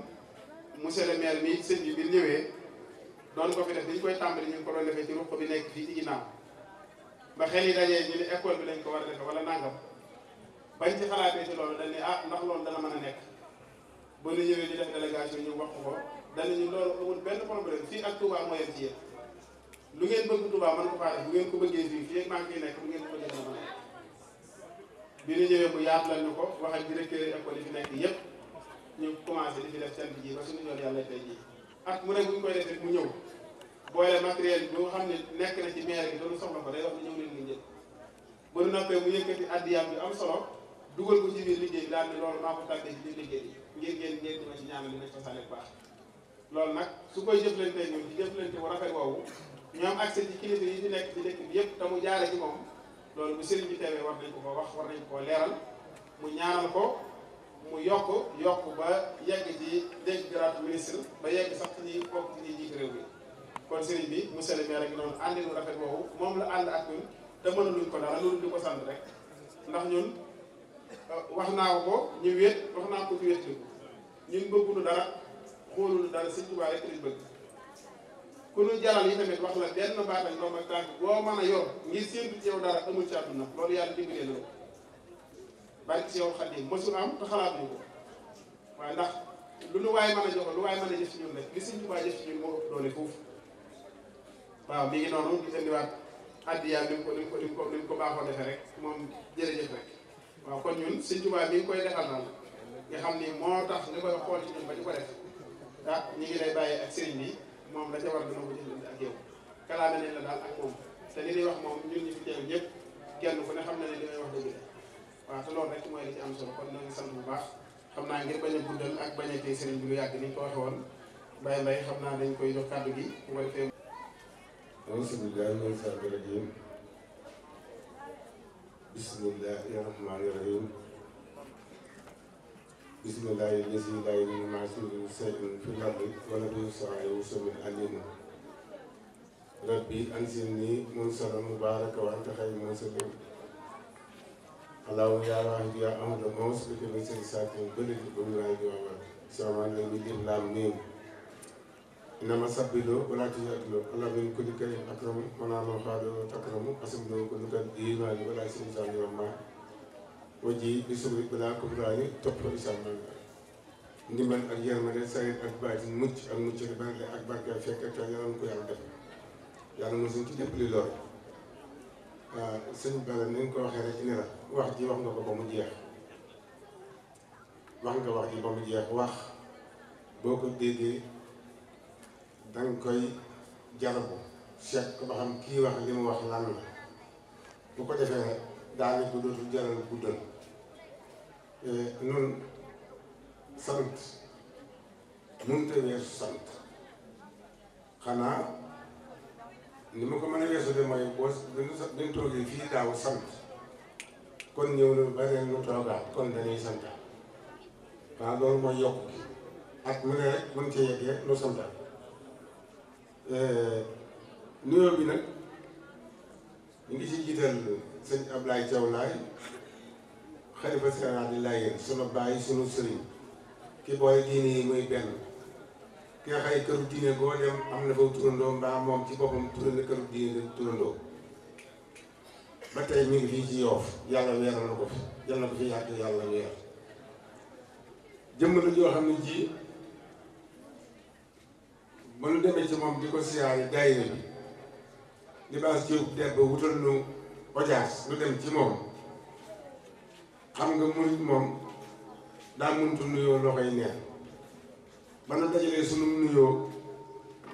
monsieur le maire mi sëñ bi bi ñëwee doon ko fi def bi ñu koy tàmbali ñu ngi ko doon defee ci ruq bi nekk fii ci ginnaaw ba xel yi dajee ñu ne école bi lañ ko war a defee wala nangam bañ ci xalaatee ci loolu dañ ne ah ndax loolu dana mën a nekk ba ñu ñëwee di def délégation ñu wax ko dañ ne ñu loolu amul benn problème fii ak Touba moo yem ci yéen lu ngeen bëgg Touba mën ko faa def bu ngeen ko bëggee fii fii ak maa ngi nekk bu ngeen ko bëggee dana mën a bi ñu ñëwee bu yaatalal ñu ko wax ak directeur école yi fi nekk yépp ñu commencé di fi def seen bi ji ba suñu ñoon yàlla tey jii at mu ne bu ñu koy defee mu ñëw boole matériel bi nga xam ne nekk na ci maire bi doon soxla ko day wax ne ñëw leen nga jël ba nu noppee mu yëkkati addiyaam bi am solo dugal ko ci biir liggéey bi daal ne loolu maa ko tàggee ci biir liggéey bi ngir ngeen ngeen di ma ci ñaanal dina ko sale baax loolu nag su koy jëflante ñoom ci jëflante a rafet woowu ñoom accès ci kilifa yi fi nekk ci dëkk bi yëpp te mu jaare ci moom loolu bu sëriñ bi teewee war nañ ko ko wax war ko mu yokk yokk ba yegg ci dégg grade ministre ba yegg sax ci ñi bokk ci réew mi kon sëriñ bi mu le rek noonu àndinu rafet boobu moom la ànd ak ñun te mënaluñ ko dara loolu di ko sant rek ndax ñun euh, wax naa ko ñu wéet wax naa ko ci wéet ñun bëggunu dara xoolunu dara sëñ Tuubaa rek bëgg ku ñu jaral yi tamit wax la benn baatal doom ak tànk boo mën a yor ngir séentu ci yow dara amul ci àdduna loolu yàlla dimbalee na ولكن يجب ان يكون هناك افضل من اجل ان يكون هناك افضل من اجل ان يكون هناك افضل من اجل ان يكون هناك افضل من اجل ان يكون هناك افضل من اجل ان يكون هناك افضل من اجل ان يكون هناك افضل من اجل ان يكون هناك افضل من اجل ان يكون هناك افضل من اجل ان يكون هناك افضل من اجل ان يكون هناك افضل من اجل ان يكون هناك افضل من اجل ان يكون هناك افضل من اجل ان يكون هناك افضل من اجل ان يكون هناك افضل من اجل ان يكون هناك waaw te loolu rek mooy li am solo kon ñoo ngi sant bu baax xam naa ngir bañ a guddal ak bañ a téye bi lu yàgg ni ñu ko waxe woon Baye Mbaye xam naa dañ koy jox kàddu gi bu ko defee. alhamdulilah man sàrdi rajim bismillahi rahmani rahim bismillahi lazi laa yadurru ma'a ismihi shay'un fil ardi wa lam yakun lahu sami'un alim rabbi anzilni munzalan mubarakan Allahumma ya Rahim ya Ahmad al-Mu'min bi sa'atin balad al-umra'i wa ba sawan la ni din lam ni inama sabbilu wa la tujadilu Allah min kulli karim akram wa la man khadu takramu asbilu kullu kad iman wa la sinzan yawma waji bi subri bila kubrani topp isamman ndimbal ak yërmande sayid ak baatin mucc ak mucc ak barke ak fekk ak yàlla ko yàlla def yàlla ci lépp li lool waaw euh, sëñ Bala ni ko waxee rek ne la wax ji wax nga ko ba mu jeex wax nga wax ji ba mu jeex wax boo ko déggee danga koy jarabu seet ba xam kii wax li mu wax lan la bu ko defee rek daal ko dootul jaral guddal euh, nun sant mënut a sant xanaa li ma ko mën a weesu de mooy boo bi ñu bi ñu toogee fii daaw sant kon ñëw na ba ren ñu toogaat kon dañuy sant waaw loolu mooy yokk gi ak mu ne rek mën cee yeggee ñu sant euh, nuyoo bi nag ñu ngi ci jiital sëñ Ablaye Thiaw Laye xalifa sénéral di Layeen sunu bàyyi sunu sëriñ ki booy diini muy benn ki nga xay këru diine goo dem am na fa turandoo mbaa moom ci boppam tural na këru diine turandoo ba tey mi ngi fii yàlla weeral na ko fi yàlla ko fi yàgg yàlla weer jëmm la joo xam ne ji ba nu demee ci moom di ko siyaare daayira bi libaas jiw der ba wutal nu ojaas lu dem ci moom xam nga murit moom daa muntu nuyoo loxoy neen ba na dajalee sunu nuyoo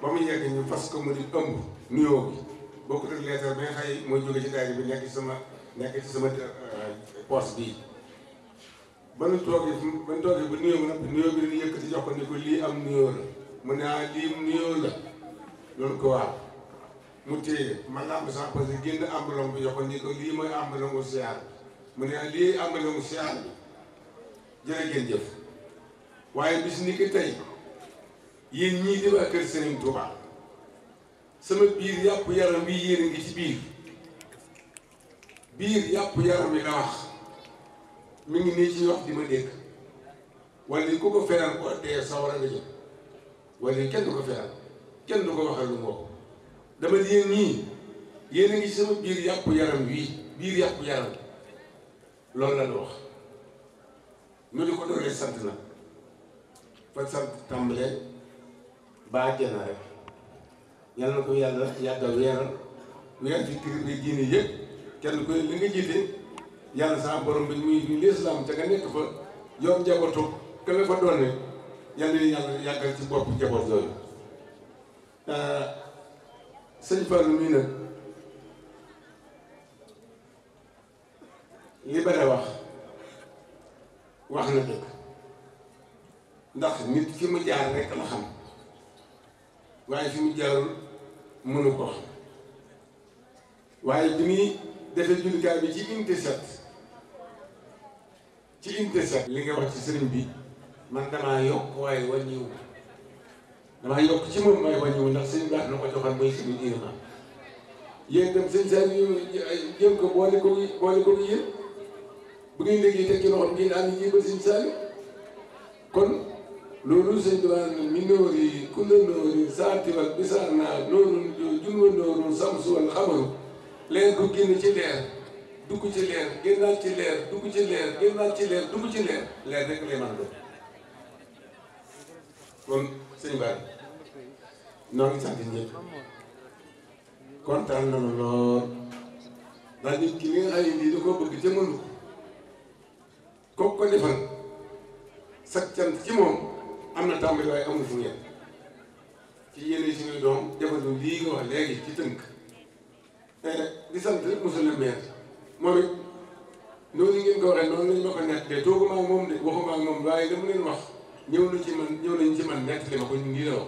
ba mu yegg ñu fas ko mu di ëmb nuyoo bi bokkut ak leetar bi nga xay mooy jóge ci daayira bi nekk sama nekk sama euh, poste bii ba nu toogee ba nu toogee ba nuyoo nag bi dañuy yëkkati jox ko ni lii am nuyoo la mu ne ah lii nuyoo la loolu ko waaw mu téye man laa am sax parce que génn ambalong bi jox ni ko lii mooy ambalongu siyaar mu ne ah lii ambalongu siyaar bi jërë ngeen jëf waaye bis ni ki tey yéen ñii di waa kër Serigne Touba sama biir yàpp yaram wi yéen a ngi ci biir biir yàpp yaram wi la wax mi ngi nii ci wax di ma dégg wala ku ko feral ko dee sawara nga jëm wala kenn du ko feral kenn du ko waxal lu ngoo dama di ñii yéen a ngi sama biir yàpp yaram wi biir yàpp yaram loolu la ñu wax ñu di ko doole sant na fa sant tàmbalee. ba àjjana rek yal ko yàlla yàgga weeral weer ci kii bi diine yëpp kenn ku li nga jiite yàlla sa borom bi muy lislaam te nga nekk fa yow njabootu ke la fa doone yàlla yàlla yàggal ci bopp njaboot yooyu ah, sëñ Fallou mii nag li bare wax wax na dëgg ndax nit ki mu jaar rek la xam waaye fi mu jaarul mënu ko waaye bi muy defee jullikaay bi ci unité sept ci unité sept li nga wax ci sëriñ bi man damaa yokk waaye wàññiwu damaa yokk ci moom may wàññiwu ndax sëriñ baax na ko joxoon mooy sëriñ Ibrahima yéen itam sëñ Saal ñu jéem ko boole ko boole ko yéen bu ngeen léegi teg ci loxo ngeen am yi jébbal sëñ Saal kon لرشد من نوري كل نور ساعة والبسانة نور جنو نور شمس والقمر leer gu ci leer dugg ci leer génnaat ci leer dugg ci leer génnaat ci leer dugg ci leer leer rek lay a doon kon sëñ Ba ñoo ngi sant ñëpp kontaan nañu lool ndax nit ki li nga xam ne da koo bëgg te mënu ci moom. am na tàmbali waaye amul fu mu yem ci yéen suñuy doom jafandu lii nga wax léegi ci tënk eh, di sant monsieur le maire moom it noonu ngeen ko waxee noonu lañ ma waaye dama leen wax ñëw na ci man ñëw nañ ci man nett li ma ko ñu ngi la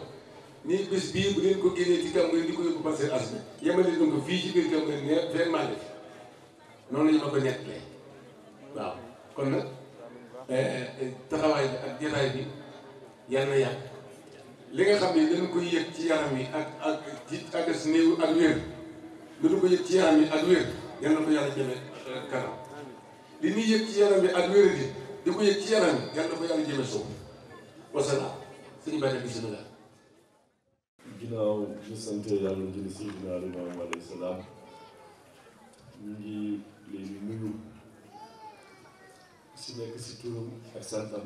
nii bis bii bu leen ko génnee ci kàmm di ko yóbbu passé as bi yemale leen fii ci biir kàmm ngeen ne fenn maa noonu lañ ma ko nett le waaw kon nag eh, eh, taxawaay bi ak jotaay bi yal na yàgg li nga xam ne koy yëg ci yaram yi ak ak ci ak néew ak wér yëg ci yaram yi ak wér na ko yàlla jëme kanam li ñuy yëg ci yaram yi ak wér gi di ko yëg ci yaram yi yal na ko yàlla jëme suuf wasalaam suñu bàyyi bisimilah ginnaaw ñu sant yàlla jëli si ginnaaw imaam alayhi salaam ñu ngi leen nuyu si nekk si turam ak santam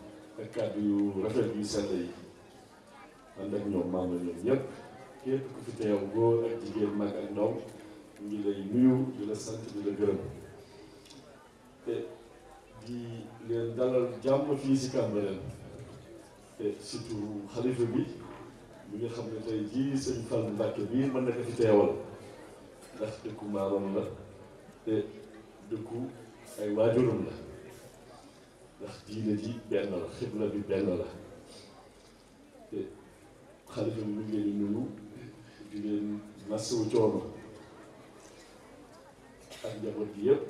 ak kàddu yu rafet yu sell yi ànd ak ñoom maam la ñoom képp ku fi teew góor ak jigéen mag ak ndaw ñu ngi lay nuyu di la sant di la gërëm te di leen dalal jàmm fii si Cambérène te surtout xalifa bi mi nga xam ne tey jii sëñ Fall Mbàkke bii mën na ko fi teewal ndax dëkku maaram la te dëkku ay waajuram la ndax diine ji benn la xibla bi benn la te mu ngi leen nuyu di leen coono ak njaboot gi yëpp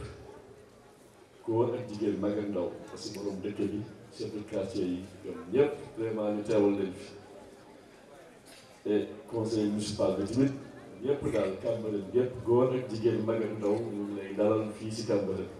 góor ak jigéen mag ak ndaw parce que borom dëkk bi chef de yi ñoom ñëpp vraiment ñu teewal leen fi te conseil municipal bi tamit ñëpp daal Cambérène yëpp góor ak jigéen mag ak ndaw dalal fii si Cambérène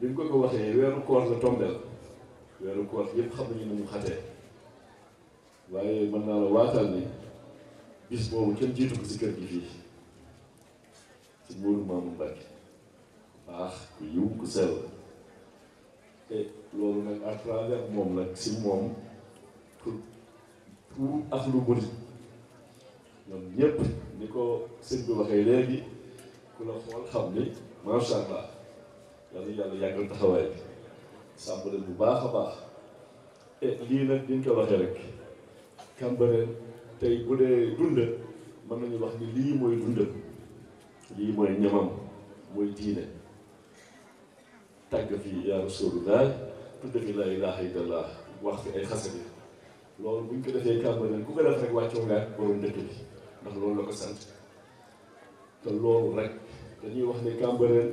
bi ñu ko ko waxee weeru koor la tombeel weeru koor yëpp xam nañu ne mu xatee waaye mën naa la waatal ni bis boobu kenn jiitu ko si kër gi fii si Moodu Maamu Mbàkke baax ku yiw ku sell te loolu nag à travers moom nag si moom pour pour ak lu bëri ñoom ñëpp ni ko sëñ bi waxee léegi ku la xool xam ni macha allah. yàlla yàlla yàggal taxawaay bi sàmm leen bu baax a baax e lii nag diñ ko waxee rek Cambérène tey bu dee dund mën nañu wax ni lii mooy dund lii mooy ñamam mooy diine tàgg fi yaa rasulullah tudd fi laa ilaha illallah wax fi ay xasab yi loolu buñ ko defee Cambérène ku ko rek wàccoo ngaa borom dëkk bi ndax loolu la ko sant te loolu rek dañuy wax ne Cambérène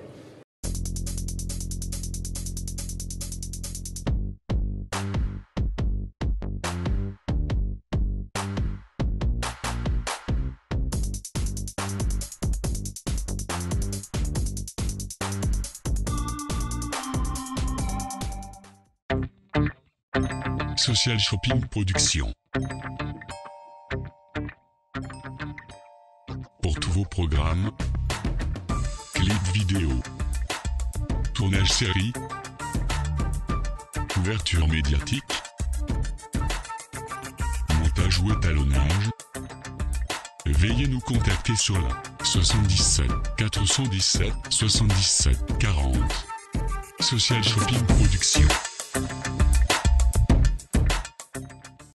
Social Shopping Production. Pour tous vos programmes, clips vidéo, tournage série, couverture médiatique, montage ou étalonnage, veuillez nous contacter sur la 77 417 77 40. Social Shopping Production.